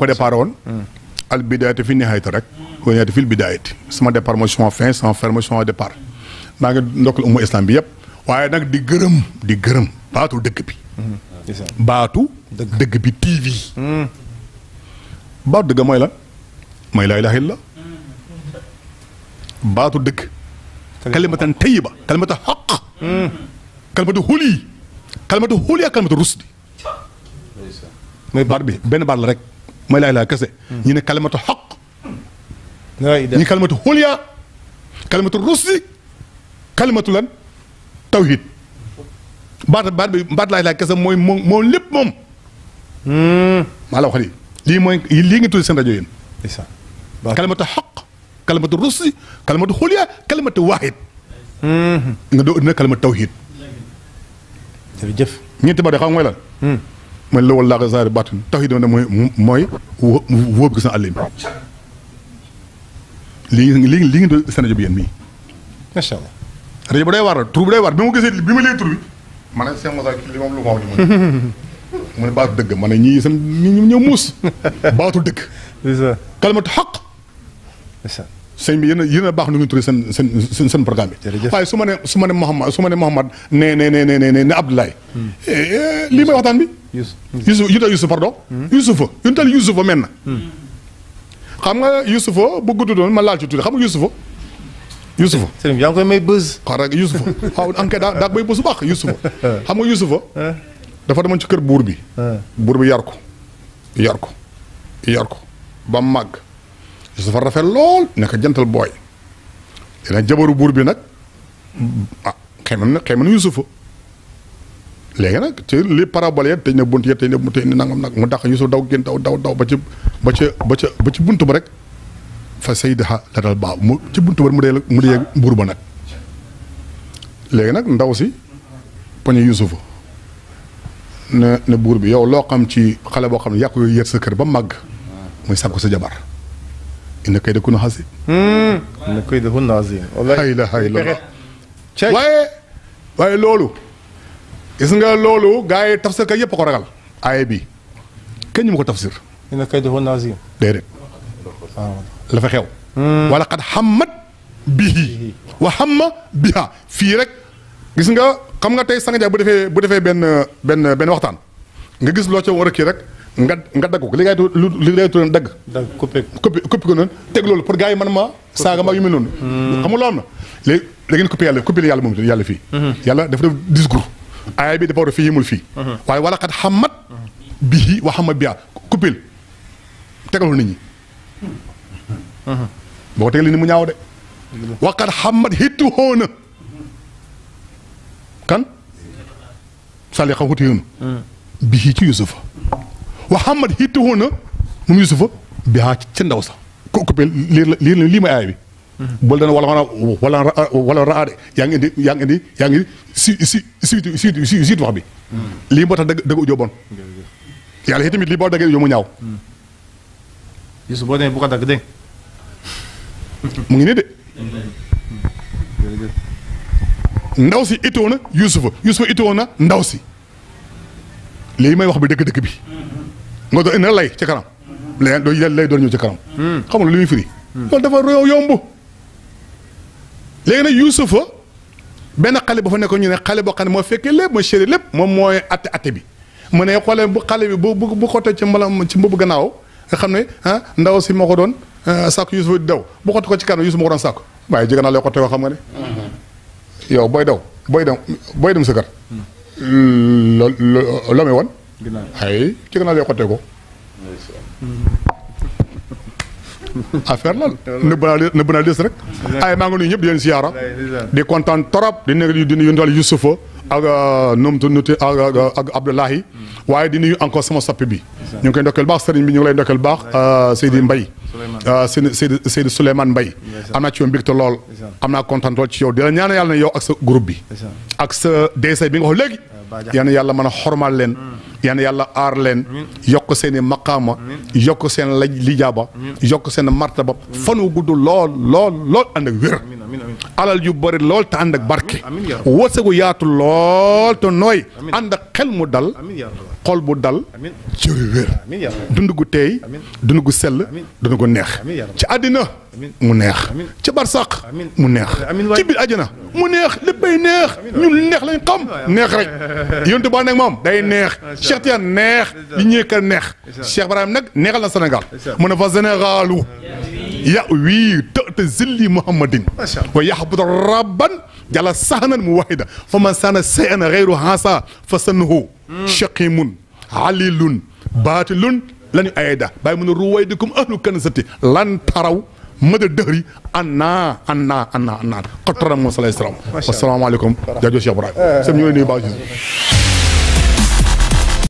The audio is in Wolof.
ko départ woon. al bidaayati fi nihaayati rek. wa nihaayati fil bidaayati sama départ mooy sama fin sama fin mooy sama départ maa ngi ndokkal umma islam bi yëpp. waaye nag di gërëm di gërëm baatu dëgg bi. baatu. dëgg bi TV. baatu dëgg mooy la mooy laa ilaaha illa baatu dëgg. kalimatan tayyiba kalimatan xaq. kalimatu xuli kalimatu xuli ak kalimatu rusdi. mooy baat bi benn baat la rek. mooy laa ilaa kese ñu ne kalimatu xaq ñu kalimatu xulya kalimatu rusdi kalimatu lan tawhid baat baat bi baat laa ilaa kese mooy moom moom lépp moom maa la wax lii lii mooy lii nga tudd seen rajo yéen kalimatu xaq kalimatu rusdi kalimatu xulya kalimatu waahid nga doo dina kalimatu tawhid jërëjëf ñeenti ba de xam mooy lan mooy lawal laaxa zaari baatin tax yi dama dem mooy mooy wóob gis na àll bi lii lii lii ngi doon seen rajo bi yéen mii. macha bu day waar la tur bu day waar bi ma gisee bi ma lee tur bi ma ne Cheikh Moussa kii lu ma mu ne baatu dëgg ma ne ñii sam ñi muus baatu dëgg. kalimatu xaq. sëñ bi yéen a yéen a baax nu ngeen tuddee seen seen seen programme bi. waaye su ma ne su ma ne Mouhamad su ma ne Mouhamad ne ne ne ne ne ne Abdoulaye. Hmm. Eh, eh, lii may waxtaan bi. Youssouf hmm. Youssouf Youssouf pardon. Youssouf yu ñu toll Youssouf na. Hmm. xam nga Youssouf bu gudd doon ma laal ci xam nga Youssouf. Youssouf sëñ bi yaa ngi koy may buzz. xaaral rek Youssouf waaw daa daa koy buzz bu baax Youssouf xam nga Youssouf. dafa demoon ci kër buur bi. buur bi yar ko yar ko yar ba mu màgg. su fa rafet lool naka jantal booy dina jabaru buur bi nag ah xëy na xëy na yusufa léegi nag ci li parabole ya tëj na bunt ya tëj na bunt ni nangam nag mu dàq yusuf daw génn daw daw daw ba ci ba ca ba ca ba ci bunt ba rek fa saydaha la dal baaw mu ci bunt ba mu dee mu dee buur ba nag léegi nag ndaw si poñe yusufa ne ne buur bi yow loo xam ci xale boo xam ne yàqu yooyu yër sa kër ba màgg muy sàkku sa jabar inna kaydahunna aziim. inna kaydahunna aziim. wallaahi la waaye. waaye loolu. gis nga loolu gars yi tafsir ka yépp ko ragal. aaye bi kenn ñu ma ko tafsir. inna kaydahunna aziim. déedéet. la fa xew. wala qad xammat bihi wa xamma biha fii rek. gis nga xam nga tey sanga jaay bu defee bu defee benn benn benn waxtaan. nga gis loo ca war kii rek. nga nga dagg ko li ngay li li ngay tuddee dagg. dagg coupé coupé coupé ko noonu teg loolu pour gars yi man ma saaga ma yu mel noonu. Hmm. xam nga loolu am na léegi da ngeen coupé yàlla coupé la yàlla moom yàlla fii. Hmm. yàlla dafa def discours. aaya bi dafa war a fii yemul fii. Hmm. waaye wala xat xamat. bii wa xamat biyaa coupé tegalul nit ñi. boo ko tegalee ni mu ñaaw de. waxat xamat hitu xoona kan. Salih xaw xuti yoonu. bii ci Yusufa. wa xamad hittihu na moom yusufa bi haa ca ndaw sax ko occupé lii lii lii may aay bi boolu dana wala wala wala de yaa ngi indi yaa ngi indi yaa ngi si si suite suite suite wax bi lii moo tax da da nga ujjoo bon yàlla itamit mu ñaaw Yusuf boo demee bu ko dagg mu ngi ne si itoo na Yusufa Yusufa na ndaw si lii may wax bi dëgg dëkk bi nga doon indi lay ci kanam. leneen doo lay doon ñëw ci kanam. xam nga lu muy firi. loolu dafa yomb. léegi nag Yuusufa benn xale ba fa nekkoon ñu ne xale boo xam ne moo fekkee lépp moo lépp moom mooy atte atte bi mu ne xoolee bu xale bi bu bu bu xottee ci mbalam ci mbubu gannaaw xam ne ah ndaw si moo ko doon sàkk Yuusufa di daw bu xotte ko ci kanam Yuusufa moo ko doon sàkk waaye jege naa lay xotte yoo xam nga ne. yow booy daw booy dem booy dem sa kër. loo loo woon. ay ci gannaaw lay xottee ko. affaire la nëbb naa leen nëbb naa leen rek. ay maa ngi nuyu ñëpp di leen di kontaan trop. di nekk di nuyu daal Yusufa ak euh, nu mu ak ak mm. bi. ñu ngi koy bi ñu ngi lay ndokkeel baax euh, Seydi Mbaye. Euh, Seydi Seydi Seydi Souleymane Mbaye. am naa ci am naa kontaan lool ci yow di leen. Mm. yan yàlla aar leen yokk seen i maqaama yokk seen laj lijaaba yokk seen martaba fan wu gudd lool lool lool ànd wér alal yu bari lool te ànd ak barke wërsëgu yaatu lool te nooy ànd ak xel mu dal xol bu dal cër yu wér dund gu teey dund gu sell dund gu neex ci àddina mu neex ci barsaq mu neex ci biir àjjana mu neex léppay neex ñun neex lañ xam neex rek yontu ba nag moom day neex Cheikh Tidiane neex li ñëkk a neex Cheikh Ibrahim nag neexal na Sénégal mu ne fa Sénégalu يأوي تأت زلي محمد ويحبط ربا جل سهنا موحدا فمن سان سيئا غير هاسا فسنه شقيم عليل باطل لن يأيدا باي من رويدكم أهل كنزتي لن تروا مدى الدهري أنا أنا أنا أنا قطر موسى عليه السلام والسلام عليكم جاجوش يا برايم آه. سميوني باجز